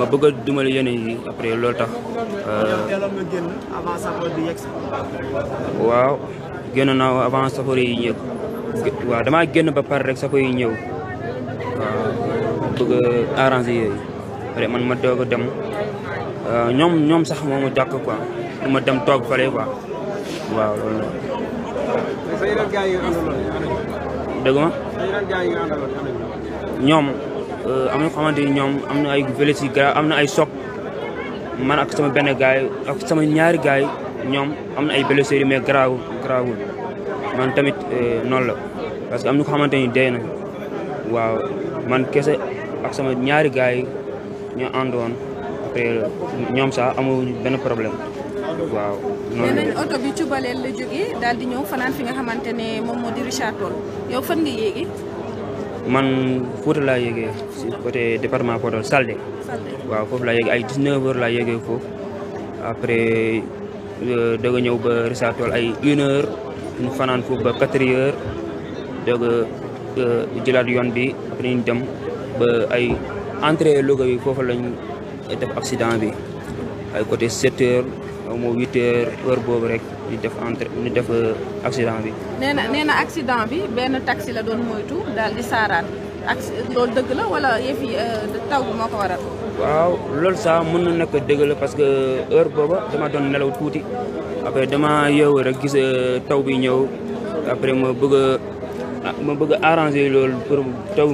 ma bëgg a dumal yéene yi après loolu tax. Euh, waaw génn naa avant safar yi ñëw. waaw damaa génn ba par rek safar yi ñëw bëgg a yooyu après man ma doog a dem euh, ñoom ñoom sax moo ma ko quoi ma dem toog fale quoi waaw loolu la. dëgg ñoom. am na ñoom am na ay vélos yu am na ay soq man ak sama benn gaay ak sama ñaari gaay ñoom am na ay blessé yu mais garaaw garaawul man tamit eh, noonu la parce que am na ko xamante ni dee na waaw man kese ak sama ñaari gaay ñoo àndoon après ñoom sax amuñu benn problème waaw. noonu oto bi ci la jógee daal di ñëw fanaan fi nga xamante ne moom moo di Richard Toll yow fan nga yéegi. man Fouta laa yéegee si côté département Podor Saldé waaw foofu laa yéegee ay 19 heures laa yéegee foofu après euh, doog a ñëw ba Richard ay une heure ñu fanaan foof ba quatre heures doog a euh, jëlaat yoon bi après ñu dem ba ay entrée Louga bi foofu lañu def accident bi ay côté seteur heures xaw heure boobu rek ñu def entre ñu def euh, accident bi. nee na accident bi benn taxi la doon moytu daal di saaraan ak dëgg la wala yëf yi euh, taw bi moo ko sax mën na nekk dëgg la parce que heure booba dama doon nelaw tuuti après dama yeewu rek gis euh, taw bi ñëw après ma bëgg a ah, ma bëgg a loolu pour taw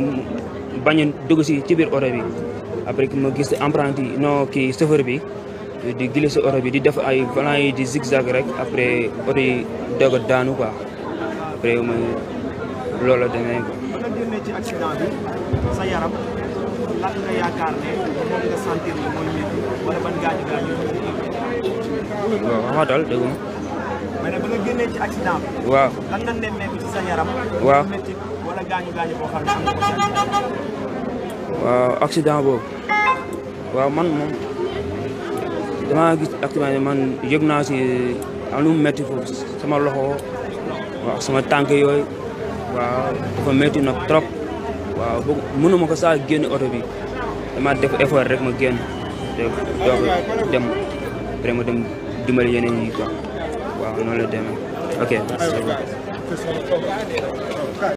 bañ dugg si ci biir oto bi après ma gis emprunté non kii chauffeur bi. di glisser oto bi di def ay volant yi di zigzag rek après oto yi daanu quoi après mooy loolu demee waaw waaw lan boobu waaw man moom. damaa gis actuellement man yëg naa si am lu mu métti foofu sama loxo waaw sama tànk yooyu waaw dafa métti nag trop waaw bëgg mënu ma ko saa génn oto bi def effort rek ma génn donc dem vraiment dem dimbali yeneen yi quoi waaw noonu la demee ok.